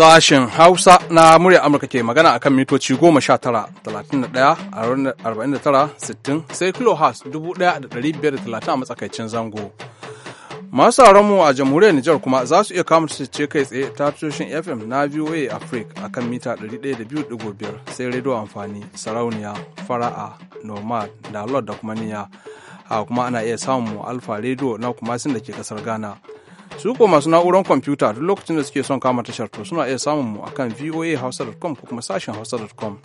Sashen Hausa na murya Amurka ke magana akan mitoci 19-31-49-60 sai kilohertz 1530 a matsakaicin zango. Masu mu a jamhuriyar Nijar kuma za su iya kama ce kai tsaye ta tushen FM na VOA Africa akan mita 102.5 sai rediyo amfani sarauniya fara'a nomad da da kuma niya. a kuma ana iya samun alfa rediyo na kuma sun da ke kasar Ghana. su ko masu na'urar kwamfuta duk lokacin da suke son kama tashar to suna iya samun mu akan voahausa.com ko kuma sashen hausa.com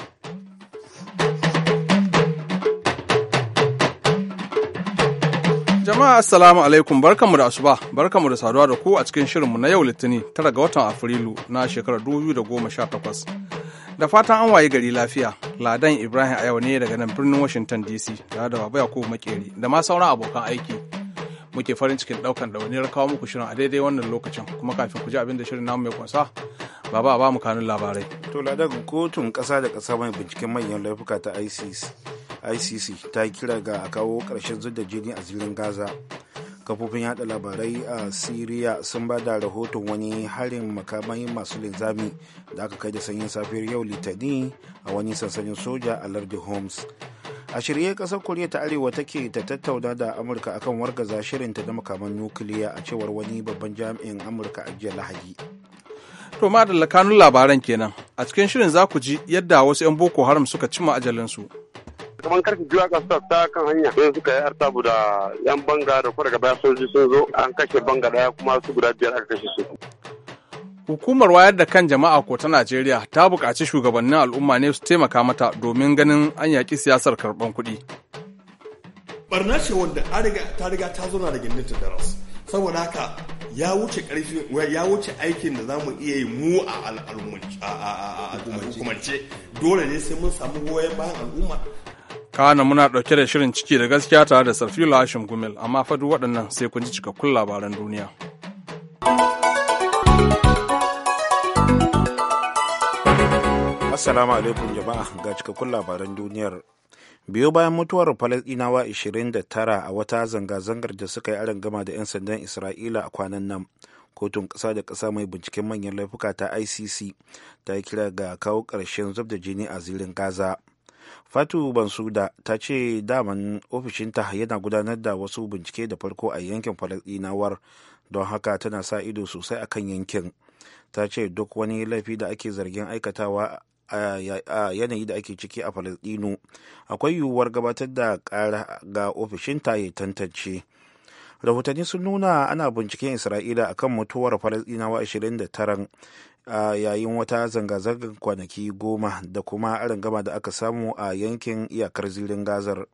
jama'a assalamu alaikum barkanmu da asuba barkanmu da saduwa da ku a cikin shirinmu na yau litinin tara ga watan afrilu na shekarar 2018 da fatan an waye gari lafiya ladan ibrahim a yau ne daga nan birnin washington dc da da baba yakubu makeri da ma sauran abokan aiki muke farin cikin daukan ɗauniyar kawo muku shirin a daidai wannan lokacin kuma kafin ku ji abin da shirin namu mai kunsa ba a ba mu kanun labarai to ladan kotun ƙasa da ƙasa mai binciken manyan laifuka ta icc icc ta kira ga a kawo ƙarshen zuda jini a zirin gaza kafofin yada labarai a syria sun ba da rahoton wani harin makamai masu linzami da aka kai da sanyin safiyar yau litani a wani sansanin soja a lardi homs a shirye kasar koriya ta arewa take ta tattauna da amurka akan wargaza shirinta da makaman nukiliya a cewar wani babban jami'in amurka a jiya lahadi to ma kanun labaran kenan a cikin shirin za ku ji yadda wasu 'yan boko haram suka cimma ajalinsu kamar karfi biyu a sa ta kan hanya sai suka yi artabu da yan banga da kwarga daga baya sojoji sun zo an kashe banga daya kuma su guda biyar aka kashe su Hukumar wayar da kan jama'a ko ta Najeriya ta buƙaci shugabannin al'umma ne su taimaka mata domin ganin an yaƙi siyasar karɓan kuɗi. Barna ce wanda ta riga ta zo na da gindin ta daras. Saboda haka ya wuce ƙarfi ya wuce aikin da za mu iya yi mu a al'ummance. Dole ne sai mun samu goyon bayan al'umma. Kana muna ɗauke da shirin ciki da gaskiya tare da Sarfila Hashim Gumel, amma fadu waɗannan sai kun ji cikakkun labaran duniya. Assalamu alaikum jama'a ga cikakkun labaran duniyar. Biyo bayan mutuwar Falasɗinawa 29 a wata zanga-zangar da suka yi gama da 'yan sandan Isra'ila a kwanan nan. Kotun ƙasa da ƙasa mai binciken manyan laifuka ta ICC ta yi kira ga kawo ƙarshen zub da jini a zirin Gaza. Fatu Bansuda ta ce daman ofishinta yana gudanar da wasu bincike da farko a yankin Falasɗinawar don haka tana sa ido sosai a kan yankin. ta ce duk wani laifi da ake zargin aikatawa a yanayi da ake ciki a Falasɗinu akwai yiwuwar gabatar da ƙara ga ofishinta ya tantance rahotanni sun nuna ana binciken isra'ila a kan mutuwar falasdinawa 29 a yayin wata zanga-zangar kwanaki goma da kuma arin gama da aka samu a yankin iyakar zirin gazar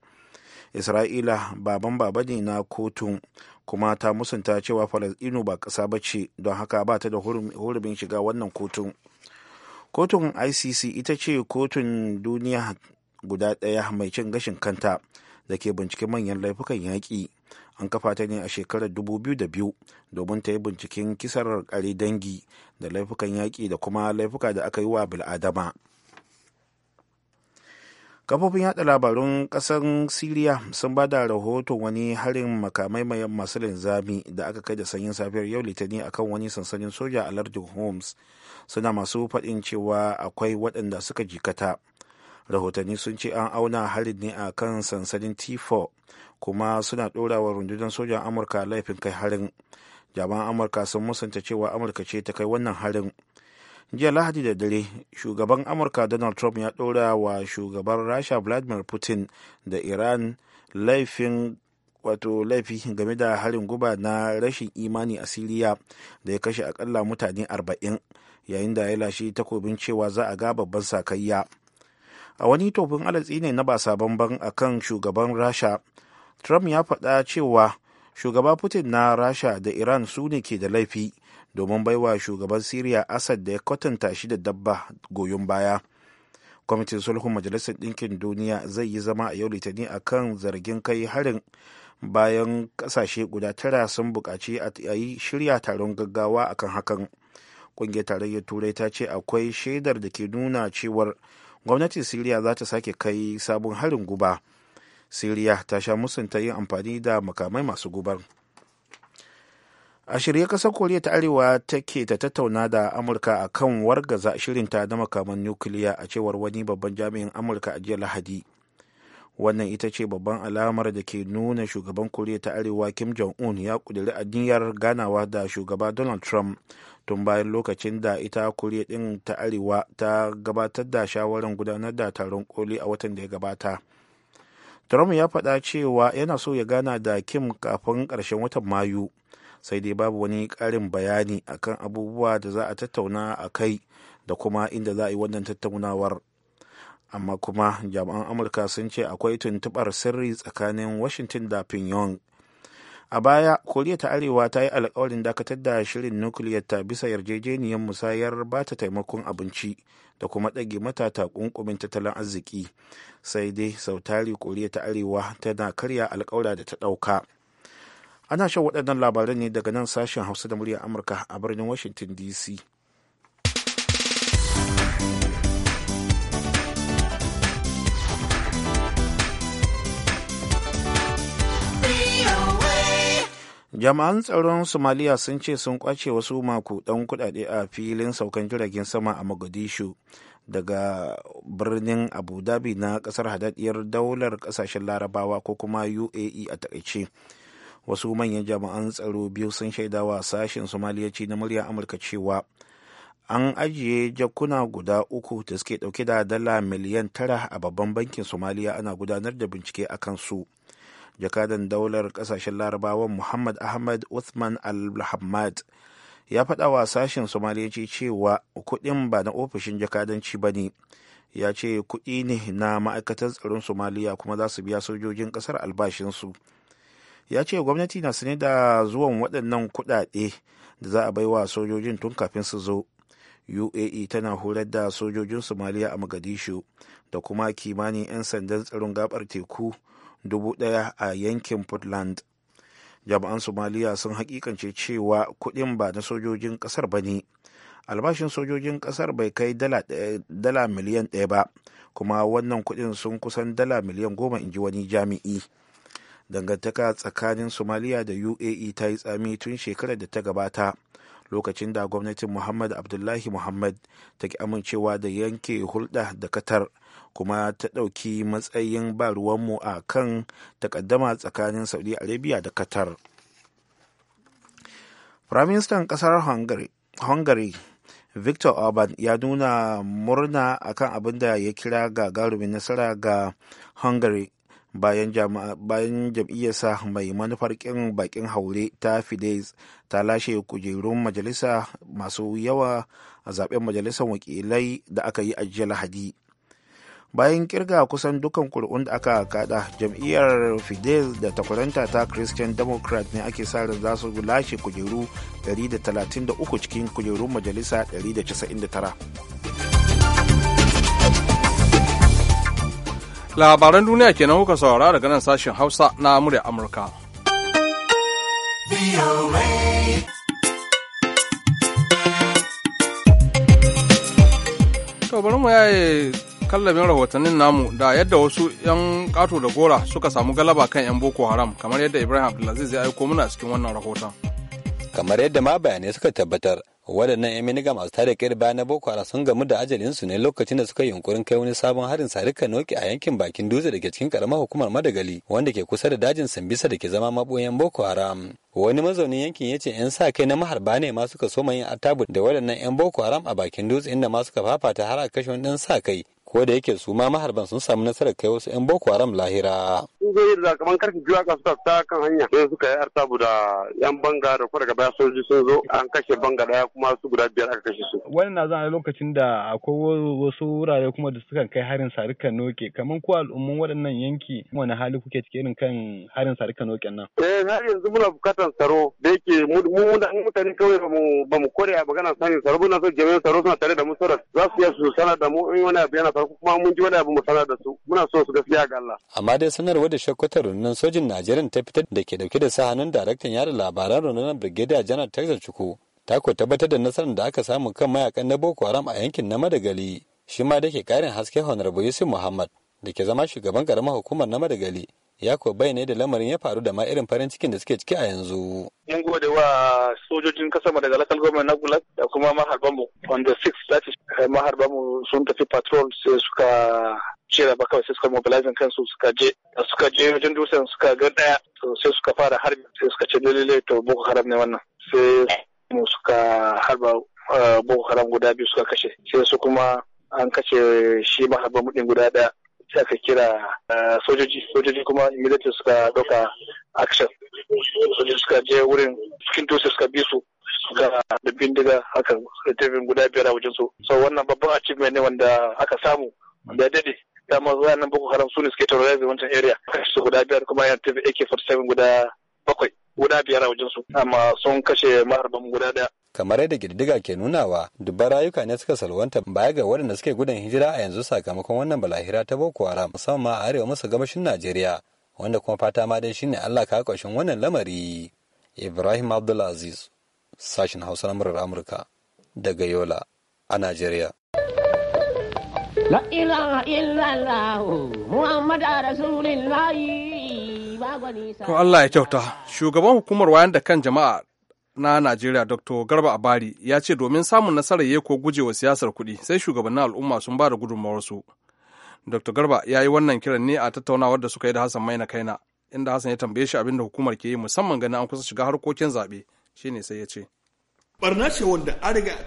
isra'ila baban baba ne na kotun kuma ta musanta cewa Falasɗinu ba ƙasa ba ce don haka ba ta da hurumin shiga wannan kotun. kotun icc ita ce kotun duniya guda ɗaya mai cin gashin kanta da ke bincike manyan laifukan yaƙi an kafa ta ne a shekarar 2002 domin ta yi binciken kisar kare dangi da laifukan yaƙi da kuma laifuka da aka yi wa bil'adama. kafofin yaɗa labarun kasar siriya sun ba da rahoton wani harin makamai masu linzami da aka kai da sanyin safiyar yau litani akan wani sansanin soja a lardin homs suna masu faɗin cewa akwai waɗanda suka jikata rahotanni sun ce an auna harin ne a kan sansanin t4 kuma suna ɗorawa rundunar sojan amurka laifin kai harin jama'an amurka sun musanta cewa amurka ce ta kai wannan harin jiya lahadi da dare shugaban amurka donald trump ya ɗora wa shugaban rasha vladimir putin da iran laifin wato laifi game da harin guba na rashin imani a siriya da ya kashe akalla mutane 40 yayin da ya lashe takobin cewa za a ga babban sakayya a wani tofin alatsi ne na basa sabon a kan shugaban rasha trump ya faɗa cewa shugaba putin na rasha da iran su ne ke da laifi domin baiwa shugaban siriya asad da ya kwatanta shi da dabba goyon baya kwamitin sulhun majalisar ɗinkin duniya zai yi zama a yau litani a kan zargin kai harin bayan ƙasashe guda tara sun buƙaci a yi shirya taron gaggawa akan hakan ƙungiyar tarayyar turai ta ce akwai shaidar da ke nuna cewar gwamnatin siriya za ta sake kai sabon harin guba siriya ta sha musunta yin amfani da makamai masu gubar a shirye kasar koriya ta arewa take ta tattauna da amurka a kan wargaza shirinta na makaman nukiliya a cewar wani babban jami'in amurka a jiya lahadi wannan ita ce babban alamar da ke nuna shugaban koriya ta arewa kim jong-un ya kudiri aniyar ganawa da shugaba donald trump tun bayan lokacin da ita koriya din ta arewa ta gabatar da shawarar gudanar da taron koli a watan da ya gabata trump ya faɗa cewa yana so ya gana da kim kafin ƙarshen watan mayu sai dai babu wani karin bayani akan abubuwa da za a tattauna a kai da kuma inda za a yi wannan tattaunawar amma kuma jami'an amurka sun ce akwai tuntubar sirri tsakanin washington da pyongyang a baya koriya ta arewa ta yi alkawarin dakatar da shirin nukiliyar ta bisa yarjejeniyar musayar ba ta taimakon abinci da kuma ɗage mata takunkumin tattalin arziki sai dai sautari koriya ta arewa tana karya alkawara da ta ɗauka ana shan waɗannan labaran ne daga nan sashen hausa da murya amurka a birnin washington dc jama'an tsaron somaliya sun ce sun kwace wasu makudan kudade a filin saukan jiragen sama a mogadishu daga birnin abu dhabi na kasar hadadiyar daular kasashen larabawa ko kuma uae a e takaice wasu manyan jami'an tsaro biyu sun shaidawa sashen somaliyaci na murya amurka cewa an ajiye jakuna guda uku da suke dauke da dala miliyan tara a babban bankin somaliya ana gudanar da bincike a kansu jakadan daular kasashen larabawan muhammad ahmad uthman al ya faɗa wa sashen somaliyaci cewa kuɗin ba na ofishin jakadanci ba ne ya ce kuɗi ne na ma'aikatar tsaron somaliya kuma za su biya sojojin ƙasar albashinsu ya ce gwamnati na sane da zuwan waɗannan kuɗaɗe da za a baiwa sojojin tun kafin su zo uae tana horar da sojojin somaliya a magadishu da kuma kimanin 'yan sandan tsaron gabar teku dubu ɗaya a yankin portland jami'an somaliya sun hakikance cewa kuɗin ba na sojojin ƙasar ba ne albashin sojojin ƙasar bai kai dala miliyan ɗaya ba kuma wannan kuɗin sun kusan dala miliyan goma in ji wani jami'i dangantaka tsakanin somalia da uae ta yi tsami tun shekarar da ta gabata lokacin da gwamnatin muhammad abdullahi muhammad ta ki amincewa da yanke hulɗa da qatar kuma ta ɗauki matsayin ba a kan takaddama tsakanin saudi arabia da qatar firaministan ƙasar hungary victor orban ya nuna murna akan abin da ya kira gagarumin nasara ga hungary bayan jam'iyyarsa mai manufar kin bakin haure ta fidesz ta lashe kujerun majalisa masu yawa a zaben majalisar wakilai da aka yi a jiya lahadi bayan kirga kusan dukan kuri'un da aka kada jam'iyyar fidesz da takwaranta ta christian democrat ne ake sa ran za su lashe kujeru 133 cikin kujerun majalisa 199 labaran duniya kenan kuka saurara daga nan sashen hausa na murya amurka to bari mu yaye kallabin rahotannin namu da yadda wasu 'yan kato da gora suka samu galaba kan 'yan boko haram kamar yadda ibrahim abdulaziz ya aiko muna cikin wannan rahoton kamar yadda ma bayanai suka tabbatar waɗannan 'yan miniga masu tada kayar bayan na boko haram sun gamu da ajalinsu ne lokacin da suka yi yunkurin kai wani sabon harin sarika noki a yankin bakin dutse da ke cikin karamar hukumar madagali wanda ke kusa da dajin sambisa da ke zama maɓoyan boko haram wani mazaunin yankin ya ce 'yan sa kai na maharba ne ma suka soma yin attabu da waɗannan 'yan boko haram a bakin dutse inda ma suka fafata har a kashe wani ɗan sa kai ko da yake su ma maharban sun samu nasarar kai wasu 'yan boko haram lahira. sun zo yi da kamar karfi biyu aka suka ta kan hanya sai suka yi artabu da 'yan banga da kuma daga baya sojoji sun zo an kashe banga daya kuma su guda biyar aka kashe su. Wani na zana lokacin da akwai wasu wurare kuma da sukan kai harin sarika noke kamar ko al'umman waɗannan yanki wani hali kuke cike irin kan harin sarika noke nan. eh har yanzu muna bukatar tsaro da yake mu mutane kawai ba mu kore a maganar sanin tsaro muna so jami'an tsaro suna tare da mu sarar za su iya su sanar da mu in wani abu yana kuma mun ji wani abu mu sanar da su muna so su gaskiya ga Allah amma dai sanarwa da shakkutar rundunar sojin Najeriya ta fitar da ke dauke da sa hannun daraktan yada labaran rundunar Brigadier janar Texas Chukwu ta ko tabbatar da nasarar da aka samu kan mayakan na Boko Haram a yankin na Madagali shi ma da ke karin haske Honorable Yusuf Muhammad da ke zama shugaban karamar hukumar na Madagali ya ko bayyana da lamarin ya faru da ma irin farin cikin da suke ciki a yanzu. Mun gode wa sojojin kasar daga lakal gwamnati na Gulag da kuma maharban mu on the 6 that is maharban mu sun tafi patrol sai suka ce da bakawai sai suka mobilizing kansu suka je suka je wajen dusan suka ga daya sai suka fara harbi sai suka ce lalle to boko haram ne wannan sai mu suka harba eh, boko haram guda biyu suka kashe sai su kuma an kashe shi maharban mu din guda daya sai aka kira eh, sojoji sojoji kuma immediately suka ɗauka action sojoji suka je wurin cikin dutse suka bi su suka da bindiga haka tafin guda biyar a wajen su so wannan babban achievement ne wanda aka samu Da ya dade dama zuwa nan boko haram su ne suke terrorizing wancan area kashi guda biyar kuma yan tafi ak-47 guda bakwai guda biyar a wajen su amma sun kashe maharban guda daya kamar yadda girdiga ke nunawa dubban rayuka ne suka salwanta baya ga waɗanda suke gudun hijira a yanzu sakamakon wannan balahira ta boko haram musamman a arewa masu gabashin najeriya wanda kuma fata ma dai shine allah ka ƙarshen wannan lamari ibrahim abdulaziz sashen hausa na murar amurka daga yola a najeriya La ilaha illallah Muhammad rasulillah. To Allah ya kyauta. Shugaban hukumar wayan da kan jama'a na Najeriya Dr. Garba Abari ya ce domin samun nasarar ya ko gujewa siyasar kuɗi sai shugabannin al'umma sun ba da gudunmawarsu. Dr. Garba ya yi wannan kiran ne a tattaunawar da suka yi da Hassan Maina Kaina inda Hassan ya tambaye shi abin da hukumar ke yi musamman ganin an kusa shiga harkokin zaɓe shine sai ya ce. Barna ce wanda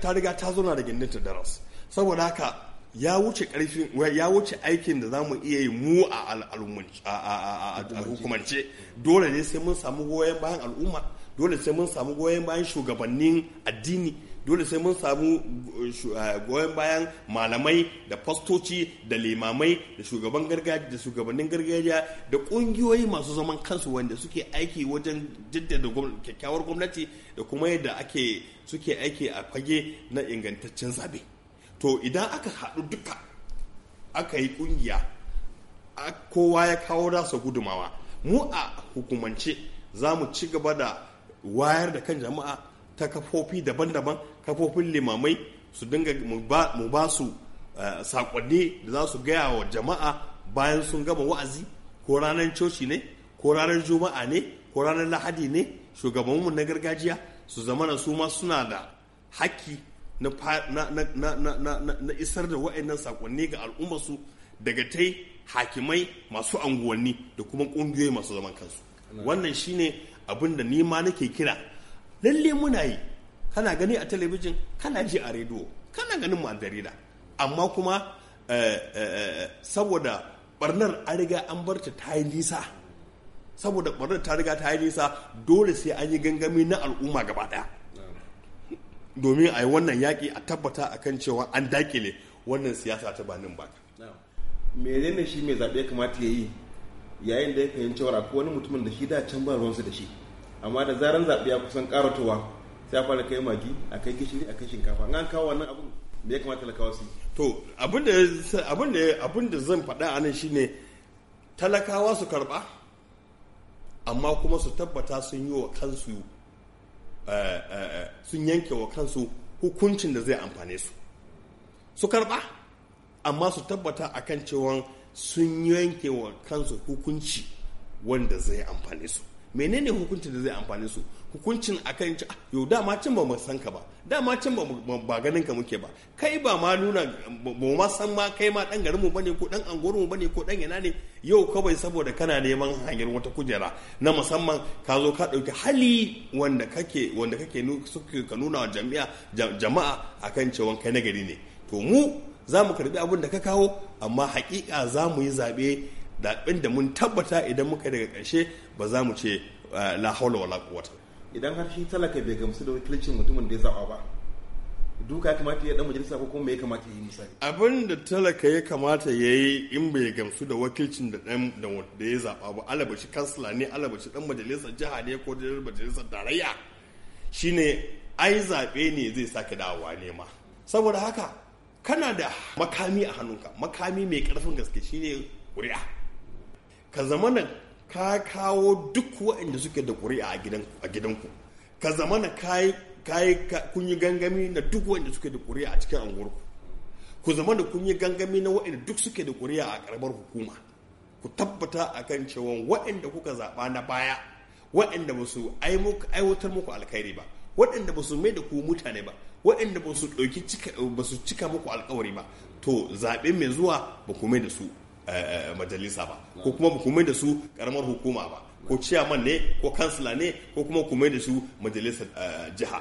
ta riga ta zo na da gindin daras saboda haka ya wuce karfin ya wuce aikin da zamu iya yi mu a hukumance dole ne sai mun samu goyon bayan al'umma dole sai mun samu goyon bayan shugabannin addini dole sai mun samu uh, uh, goyon bayan malamai da fastoci da limamai da shugaban gargajiya da shugabannin gargajiya da kungiyoyi masu zaman kansu wanda suke aiki wajen jaddada kyakkyawar gwamnati da kuma yadda ake suke aiki a fage na ingantaccen zabe. to idan aka haɗu duka aka yi ƙungiya kowa ya kawo su gudumawa mu a hukumance za mu ci gaba da wayar da kan jama'a ta kafofi daban-daban kafofin limamai su dinga mu ba su eh, saƙonni da za su gaya wa jama'a bayan sun gama wa'azi ko ranar coci ne ko ranar juma'a ne ko ranar lahadi ne shugabanmu na gargajiya su zamana su ma suna da haƙƙi na isar da wa'annan sakonni ga al'ummarsu daga tai hakimai masu anguwanni da kuma ƙungiyoyi masu zaman kansu wannan shine abin da ni ma nake kira lalle muna yi kana gani a talabijin kana ji a rediyo kana ganin mu a jarida amma kuma eh, eh, eh, saboda barnar an riga an barta ta yi nisa saboda barnar ta riga ta yi nisa dole sai an yi gangami na al'umma gaba daya domin a yi wannan yaƙi a tabbata a kan cewa an dakile wannan siyasa ta banin baka. menene shi mai zaɓe kamata ya yi yayin da ya fahimci cewa ko wani mutumin da shi da can ba ruwansa da shi amma da zaran zaɓe ya kusan ƙaratowa sai a fara kai magi a kai gishiri a kai shinkafa an kawo wannan abun me ya kamata talakawa su to abin da abin da zan faɗa a nan shine talakawa su karɓa amma kuma su tabbata sun yi wa kansu Eh, eh, eh, sun yanke wa kansu hukuncin da zai amfane su su karba amma su tabbata a kan cewa sun yanke wa kansu hukunci wanda zai amfane su menene hukuncin da zai amfani su hukuncin akan ci ah, yau dama can ba mu san ka ba dama can ba ganin ka muke ba kai ba ma nuna ba ma san ma kai ma dan garin mu bane ko dan anguwar mu bane ko dan yana ne yau kawai saboda kana neman hanyar wata kujera na musamman ka zo ka dauki hali wanda kake wanda kake ka nuna wa jami'a jama'a akan cewa kai nagari ne to mu za mu karbi abin da ka kawo amma hakika za mu yi zaɓe. daɓin da mun tabbata idan muka daga ƙarshe ba za mu ce eh, la haula wala quwwata idan har shi talaka bai gamsu da wakilcin mutumin da ya zaɓa ba duka ya kamata ya dan majalisa ko kuma ya kamata ya yi misali abin da talaka ya kamata ya yi in bai gamsu da wakilcin da dan da wanda ya zaɓa ba alabashi kansila ne alabashi dan majalisar jiha ne ko da majalisar tarayya shine ai zaɓe ne zai sake dawowa nema saboda haka kana da makami a hannunka makami mai karfin gaske shine ƙuri'a ka zamana ka kawo duk waɗanda suke da ƙuri'a a gidanku ka zamana ka yi kun yi gangami na duk waɗanda suke da ƙuri'a a cikin anguwarku ku zamana kun yi gangami na waɗanda duk suke da ƙuri'a a ƙaramar hukuma ku tabbata a kan cewa waɗanda kuka zaɓa na baya waɗanda ba su aiwatar muku alkhairi ba waɗanda ba su mai da ku mutane ba waɗanda ba su ɗauki ba cika muku alkawari ba to zaɓe mai zuwa ba ku mai da su Eh, eh, majalisa ba ko kuma ba ku da su karamar hukuma ba ko ciyaman ne ko kansila ne ko kuma ku da su majalisar eh, jiha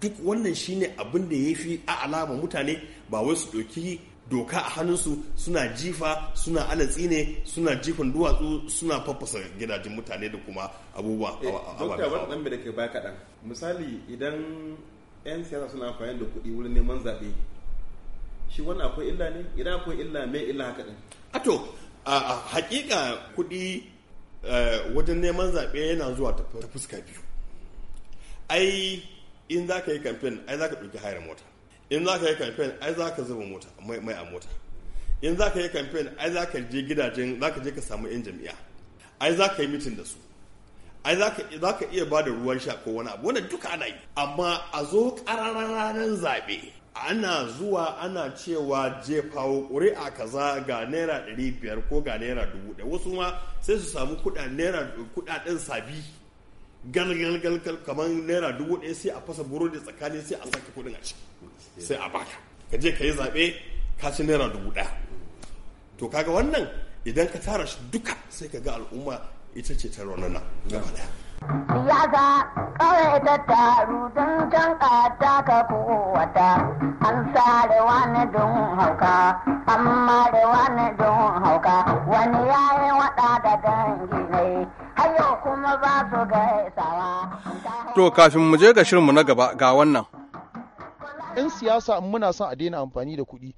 duk wannan shine abin da ya fi a alama mutane ba wai su ɗauki doka a hannunsu suna jifa suna alatsi ne suna jifan duwatsu suna faffasa gidajen mutane da kuma abubuwa a wani kaɗan misali idan 'yan siyasa suna amfani da kuɗi wurin neman zaɓe shi wannan akwai illa ne idan akwai illa mai illa haka ɗin ato a hakika kuɗi e, wajen neman zaɓe yana zuwa ta fuska biyu ai in za ka yi kamfen ai za ka ɗauki hayar mota in za ka yi kamfen ai za ka zuba mota mai a mota in za ka yi kamfen ai za ka je gidajen za ka je ka samu 'yan jami'a. ai za ka yi mitin da su ai za ka iya ba da ruwan sha ko wani abu wanda duka ana yi amma a zo ranar zaɓe ana zuwa ana cewa jefawo ƙuri'a kaza ga naira ɗari biyar ko ga naira dubu wasu ma sai su samu kuɗaɗen sabi galgalgal kamar naira dubu sai a fasa burodi tsakanin sai a saka kuɗin a ciki sai a baka ka je ka yi zaɓe ka ci naira dubu ɗaya to kaga wannan idan ka tara shi duka sai ka ga al'umma ita ce ta raunana gaba ɗaya Siyasa kawai ta taru don can ta ka kowata, an da wani don hauka, an da wani don hauka, wani yayi waɗa da dangi ne, hayo kuma ba su gaisawa. To kafin mu je ga shirinmu na gaba ga wannan. 'Yan siyasa muna son a daina amfani da kuɗi.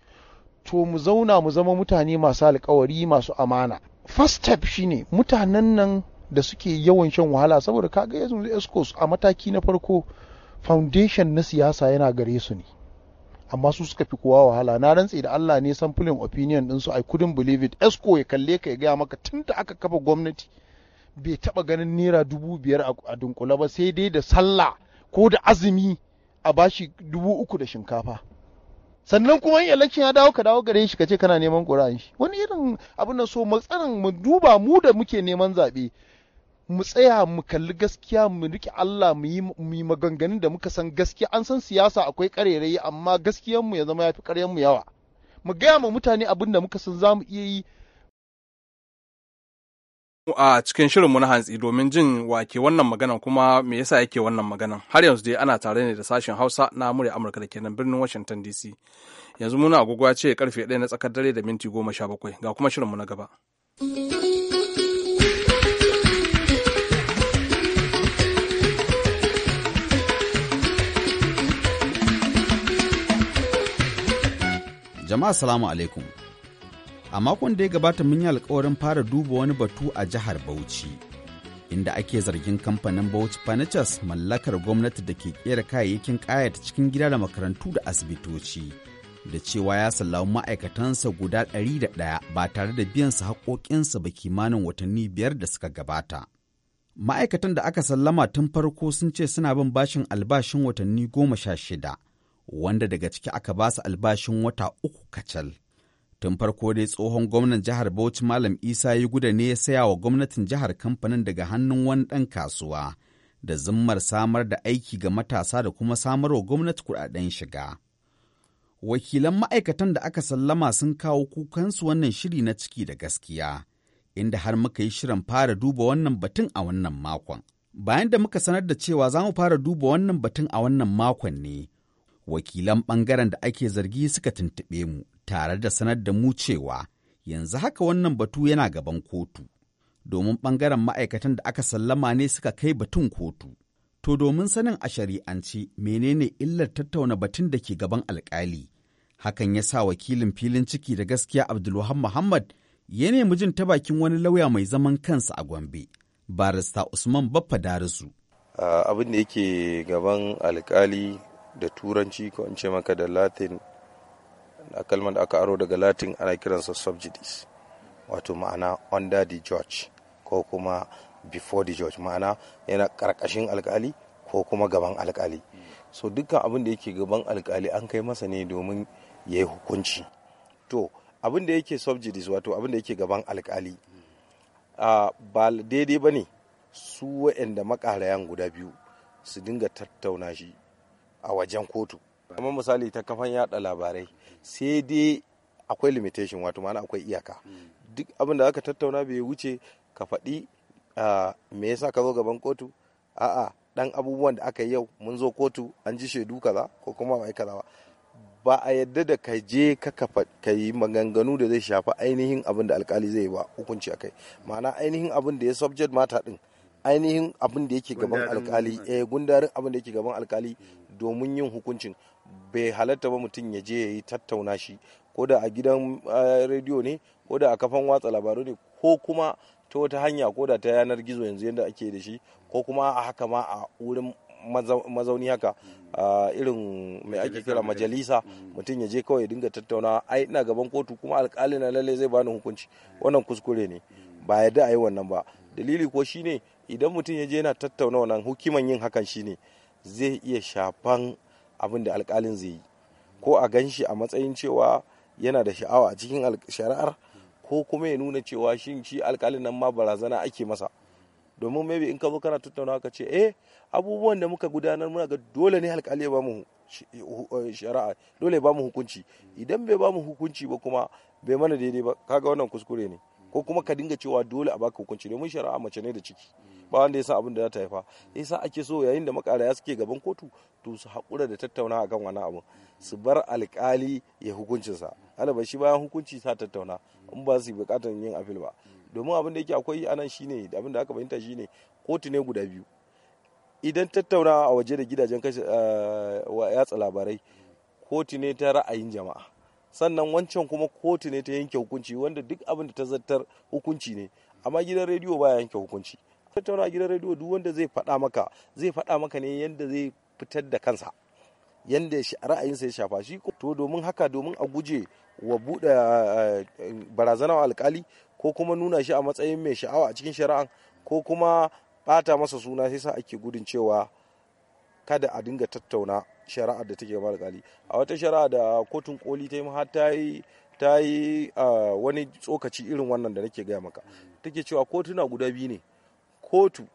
to mu zauna mu zama mutane masu alkawari masu amana first step shine mutanen nan da suke yawan shan wahala saboda kaga yanzu escos a mataki na farko foundation na siyasa yana gare su ne amma su suka fi kowa wahala na rantse da Allah ne samfulin opinion din su I couldn't believe it esco ya kalle ka ya gaya maka tun da aka kafa gwamnati bai taba ganin naira dubu biyar a dunkula ba sai dai da sallah ko da azumi a bashi dubu uku da shinkafa sannan kuma in election ya dawo ka dawo gare shi ka ce kana neman ƙura'an shi wani irin abin nan so matsalan mu duba mu da muke neman zaɓe mu tsaya mu kalli gaskiya mu riƙe Allah mu yi maganganun da muka san gaskiya an san siyasa akwai ƙarerayi amma gaskiyan mu ya zama yafi ƙaryan mu yawa mu gaya ma mutane abin da muka san za mu iya yi a cikin shirinmu na hantsi domin jin wake wannan maganan kuma me yasa yake wannan maganan har yanzu dai ana tare ne da sashen hausa na murya amurka da kenan birnin washington dc yanzu muna agogo ya ce karfe 1 na tsakar dare da minti goma sha bakwai ga kuma shirin mu na gaba. Jama'a salamu alaikum. A makon da ya gabata mun yi alkawarin fara duba wani batu a jihar Bauchi, inda ake zargin kamfanin Bauchi Furnitures mallakar gwamnati da ke kera kayayyakin kayata cikin gida da makarantu da asibitoci, da cewa ya sallamu ma'aikatansa guda ɗari da ɗaya ba tare da biyan su haƙoƙinsa ba kimanin watanni biyar da suka gabata. Ma'aikatan da aka sallama tun farko sun ce suna bin bashin albashin watanni goma sha shida. wanda daga ciki aka ba su albashin wata uku kacal. Tun farko dai tsohon gwamnan jihar Bauchi Malam Isa ya guda ne ya saya wa gwamnatin jihar kamfanin daga hannun wani ɗan kasuwa da zimmar samar da aiki ga matasa da kuma samar wa gwamnati kuɗaɗen shiga. Wakilan ma'aikatan da aka sallama sun kawo kukansu wannan shiri na ciki da gaskiya, inda har muka yi shirin fara duba wannan batun a wannan makon. Bayan da muka sanar da cewa za mu fara duba wannan batun a wannan makon ne, wakilan bangaren da ake zargi suka tuntuɓe mu tare da sanar da mu cewa yanzu haka wannan batu yana gaban kotu domin bangaren ma'aikatan da aka sallama ne suka kai batun kotu to domin sanin a shari'ance menene illar tattauna batun da ke gaban alkali hakan ya sa wakilin filin ciki da gaskiya abdulwahab muhammad ya nemi jin ta bakin wani lauya mai zaman kansa a gombe barista usman baffa darisu ah, abin da yake gaban alkali da turanci ko in ce maka da latin da kalmar da aka aro daga latin ana kiransa subsidies wato ma'ana under the judge ko kuma before the judge ma'ana yana karkashin alkali ko kuma gaban alkali so dukkan abin da yake gaban alkali an kai masa ne domin ya yi hukunci to abin da yake subsidies wato abin da yake gaban alkali ba daidai ba ne su waɗanda makarayan guda biyu su dinga tattauna shi a wajen kotu kuma misali ta kafan yada labarai sai dai akwai limitation wato mana akwai iyaka hmm. duk abin da aka tattauna bai wuce ka faɗi me yasa ka zo gaban kotu a'a dan abubuwan da aka yi yau mun zo kotu an ji shaidu kaza ko kuma ba kaza ba ba a yadda da ka je ka yi maganganu da zai shafi ainihin abin da alkali zai ba hukunci a kai ma'ana ainihin abin da ya subject mata din ainihin abin da yake gaban alkali eh gundarin abin da yake gaban alkali hmm. domin yin hukuncin bai halatta ba mutum ya je ya yi tattauna shi ko da a gidan rediyo ne ko da a kafan watsa labaru ne ko kuma ta wata hanya ko da ta yanar gizo yanzu yadda ake da shi ko kuma a haka ma a wurin mazauni haka irin mai ake kira majalisa mm. mutum ya je kawai dinga tattauna ai ina gaban kotu kuma alkali na lalle zai bani hukunci wannan kuskure ne mm. ba yadda a yi wannan ba mm. dalili ko shine idan mutum ya je yana tattauna wannan hukuman yin hakan shine ne zai iya shafan abin da alkalin zai yi ko a gan shi a matsayin cewa yana da sha'awa a cikin shari'ar ko kuma ya nuna cewa shin shi alkalin nan ma barazana ake masa domin maybe in ka zo kana tattauna ka ce eh abubuwan da muka gudanar muna ga dole ne alkali ya bamu eh, shari'a dole ya bamu hukunci idan bai bamu hukunci ba kuma bai mana daidai ba kaga wannan kuskure ne ko kuma ka dinga cewa dole a baka hukunci domin shari'a mace ne da ciki ba wanda ya san abin da za ta haifa sa ake so yayin da makaraya suke gaban kotu to su haƙura da tattauna akan wani abu su bar alƙali ya hukuncinsa alaba shi bayan hukunci sa tattauna in ba su buƙatar yin afil ba domin abin da yake akwai anan shine abin da aka fahimta shine kotu ne guda biyu idan tattauna a waje da gidajen kashe eh, yatsa labarai kotu ne ta ra'ayin jama'a sannan wancan kuma kotu ne ta yanke hukunci wanda duk abin da ta zartar hukunci ne amma gidan rediyo baya yanke hukunci tattauna gidan rediyo duk wanda zai faɗa maka zai faɗa maka ne yadda zai fitar da kansa yadda ra'ayinsa ya shafa shi to domin haka domin a guje wa buɗe eh, barazana alkali ko kuma nuna shi a matsayin mai sha'awa a cikin shari'an ko kuma bata masa suna sai sa ake gudun cewa kada a dinga tattauna shari'ar da take gaba alkali a wata shari'a da kotun koli ta yi ma ta yi wani tsokaci irin wannan da nake gaya maka take cewa kotuna guda biyu ne kotu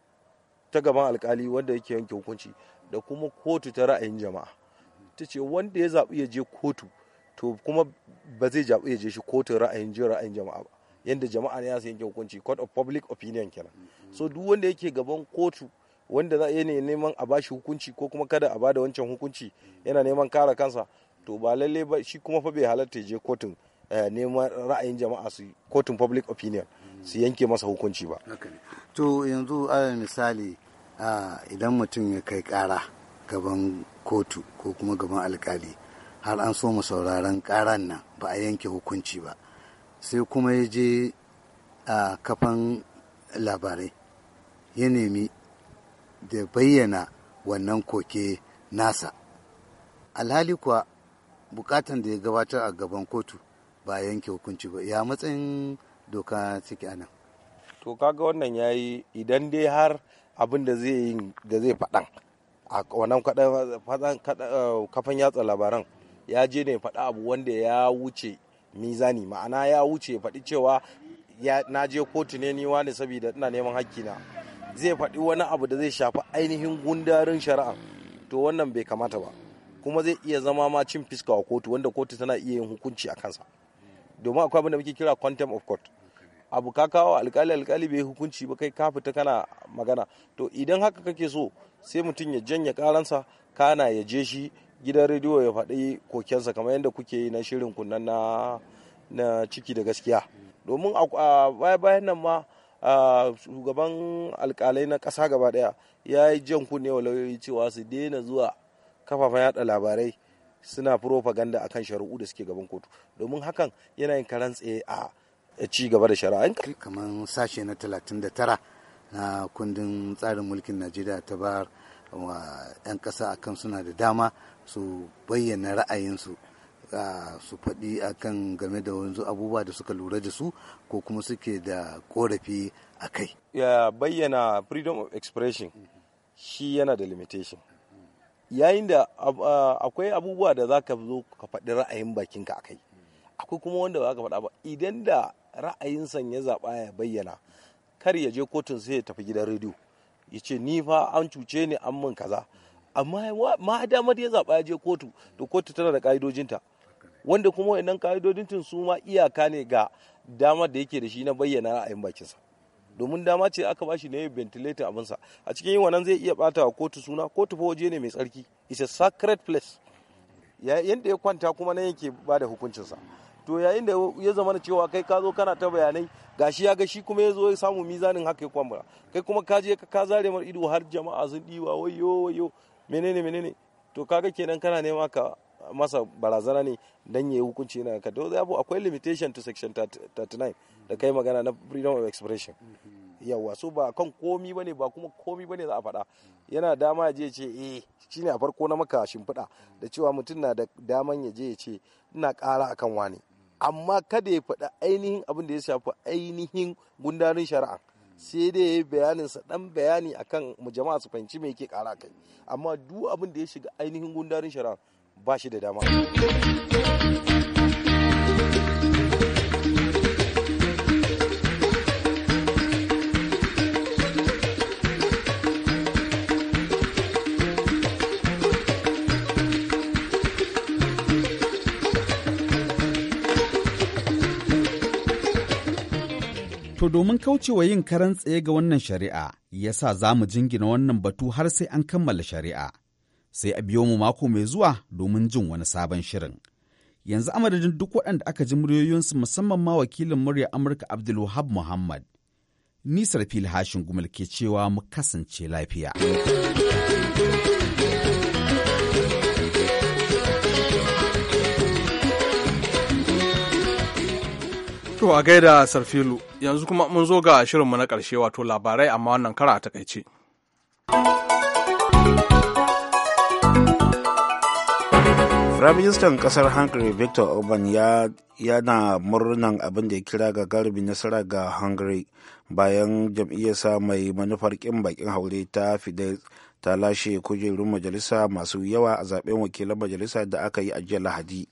ta gaban alkali wanda yake yanke hukunci da kuma kotu ta ra'ayin jama'a ta ce wanda ya zaɓi ya je kotu to kuma ba zai zaɓi ya je shi kotun ra'ayin jin ra'ayin jama'a ba yadda jama'a ne ya yanke hukunci court of public opinion kenan so duk wanda yake gaban kotu wanda za a ne neman a bashi hukunci ko kuma kada a bada wancan hukunci yana neman kare kansa to ba lalle ba shi kuma fa bai halarta je kotun eh, neman ra'ayin jama'a su kotun public opinion su yanke masa hukunci ba to yanzu alal misali idan mutum ya kai kara gaban kotu ko kuma gaban alkali har an so mu sauraron karan nan ba a yanke hukunci ba sai kuma ya je a kafan labarai ya nemi da bayyana wannan koke nasa alhali kuwa bukatan da ya gabatar a gaban kotu ba yanke hukunci ba ya matsayin doka ciki anan to kaga wannan ya yi idan dai har abin da zai yi da zai faɗan a wannan eh, kafan yatsa labaran ya je ne faɗa abu wanda ya wuce mizani ma'ana ya wuce faɗi cewa na je kotu ne ni wani saboda ina neman na. zai faɗi wani abu da zai shafi ainihin gundarin shari'a to wannan bai kamata ba kuma zai iya zama ma cin fiska wa kotu wanda kotu tana iya yin hukunci a kansa domin akwai abin da muke kira contempt of court abu ka kawo alkali alkali bai hukunci ba kai ka fita kana magana to idan haka kake so sai mutum ya janye karansa kana ya je shi gidan rediyo ya faɗi kokensa kamar yadda kuke yi na shirin kunnan na ciki da gaskiya domin a baya bayan nan ma shugaban alkalai na ƙasa gaba ɗaya ya yi jan kunne wa lauyoyi cewa su daina zuwa kafafen yada labarai suna propaganda akan shari'u da suke gaban kotu domin hakan yana yin karan tsaye a ci gaba da shari'a kamar sashe na 39 na kundin tsarin mulkin najeriya ta bar wa 'yan ƙasa akan suna da dama su bayyana ra'ayinsu su faɗi a kan game da wanzu abubuwa da suka lura da su ko kuma suke da korafi a kai ya bayyana freedom of expression shi yana da limitation yayin da akwai abubuwa da za ka zo ka faɗi ra'ayin bakinka a kai akwai kuma wanda za ka faɗa ba idan da ra'ayinsa ya zaɓa ya bayyana kar ya je kotun sai ya tafi gidan rediyo ya ce ni fa an cuce ni an min kaza amma ma damar ya zaɓa ya je kotu to kotu tana da ƙa'idojinta wanda kuma wayannan ka'idodin tun su ma iyaka ne ga damar da yake da shi na bayyana ra'ayin bakinsa domin dama ce aka bashi ne ventilator abinsa a cikin yin wannan zai iya bata wa kotu suna kotu fa waje ne mai tsarki is a sacred place yadda ya kwanta kuma nan yake bada da hukuncinsa to yayin da ya zama na cewa kai ka zo kana ta bayanai gashi ya ga shi kuma ya zo ya samu mizanin haka ya kwambara kai kuma ka je ka zare mar ido har jama'a sun diwa wayo wayo menene menene to kaga kenan kana nema ka masa barazana ne dan yayi hukunci yana ka dole abu akwai limitation to section 39 da kai magana na freedom of expression mm-hmm. yawa so ba kan komi bane ba kuma komi bane za a faɗa yana dama ya je ce eh shine a farko na maka shimfiɗa da cewa mutum na da daman ya je ya ce ina ƙara akan wani amma kada ya faɗa ainihin abin da ya shafi ainihin gundarin shari'a sai dai ya yi bayanin sa dan bayani akan mu jama'a su fahimci me yake ƙara kai amma duk abin da ya shiga ainihin gundarin shari'a ba shi da dama To domin kaucewa yin karan tsaye ga wannan shari'a, ya sa za mu jingina wannan batu har sai an kammala shari'a. sai a biyo mu mako mai zuwa domin jin wani sabon shirin. Yanzu amadadin duk waɗanda aka ji muryoyinsu musamman ma wakilin murya Amurka Abdulwahab Muhammad. ni Sarfil hashin gumal ke cewa mu kasance lafiya. To a gaida Sarfilu, yanzu kuma mun zo ga shirinmu na ƙarshe wato labarai amma wannan kara a takaice. Firaministan kasar Hungary Victor Orban ya yana murnan abin da ya kira ga gagarumin nasara ga Hungary bayan jam'iyyarsa mai manufar kin bakin haure ta Fidesz ta lashe kujerun majalisa masu yawa a zaben wakilan majalisa da aka yi a jiya Lahadi.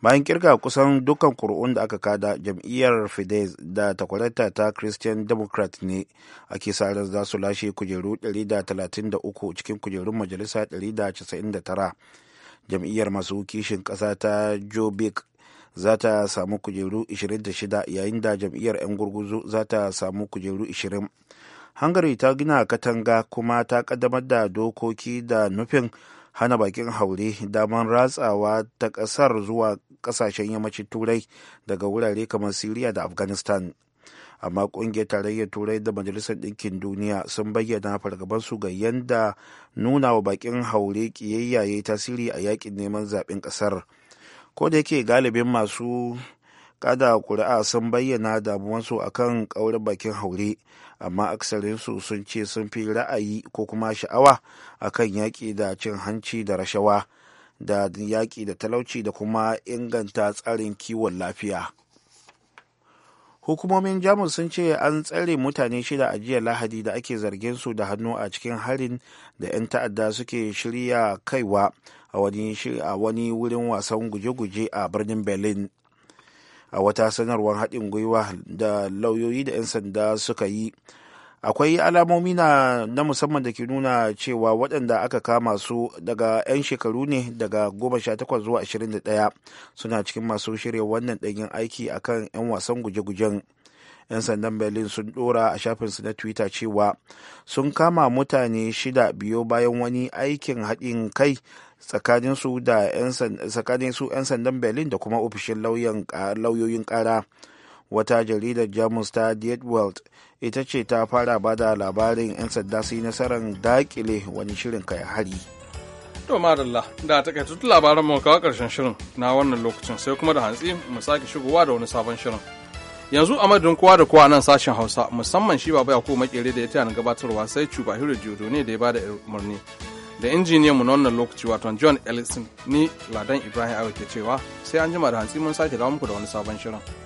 Bayan kirga kusan dukkan kuri'un da aka kada jam'iyyar Fidesz da takwarata ta Christian Democrat ne a kisarar za su lashe kujeru 133 cikin kujerun majalisa 199. jam'iyyar masu kishin ƙasa ta jobik za ta samu kujeru 26 yayin da jam'iyyar 'yan gurguzu za ta samu kujeru 20 hangari ta gina katanga kuma ta kaddamar da dokoki da nufin hana bakin haure daman ratsawa ta ƙasar zuwa ƙasashen yammacin turai daga wurare kamar syria da afghanistan amma kungiyar tarayyar turai da majalisar ɗinkin duniya sun bayyana fargabansu ga yadda nuna wa bakin haure ƙiyayyaye ya tasiri a yakin neman zaɓen ƙasar ko da yake galibin masu kada ƙuri'a sun bayyana damuwansu akan ƙaurin bakin haure amma aksarinsu sun ce sun fi ra'ayi ko kuma sha'awa akan yaƙi da cin hanci da rashawa da yaƙi da talauci da kuma inganta tsarin kiwon lafiya. hukumomin jamus sun ce an tsare mutane shida a jiya lahadi da ake zargin su da hannu a cikin harin da 'yan ta'adda suke shirya kaiwa a wani wurin wasan guje-guje a birnin berlin a wata sanarwar haɗin gwiwa da lauyoyi da 'yan sanda suka yi akwai alamomi na, musamman da ke nuna cewa waɗanda aka kama su daga 'yan shekaru ne daga 18 zuwa 21 suna cikin masu shirya wannan ɗanyen aiki a kan 'yan wasan guje-gujen 'yan sandan berlin sun ɗora a shafin su na twitter cewa sun kama mutane shida biyo bayan wani aikin haɗin kai tsakanin su 'yan sandan berlin da kuma ofishin lauyoyin ƙara wata jaridar jamus ta diet world ita ce ta fara ba da labarin 'yan sanda su yi nasarar dakile wani shirin kai hari to madalla da takaitattun labaran mu kawo karshen shirin na wannan lokacin sai kuma da hantsi mu sake shigowa da wani sabon shirin yanzu a madadin kowa da kowa nan sashen hausa musamman shi baba yakubu makere da ya tana gabatarwa sai cuba hiro jodo ne da ya bada umarni da injiniyan mu na wannan lokaci wato john ellison ni ladan ibrahim awa ke cewa sai an jima da hantsi mun sake dawo muku da wani sabon shirin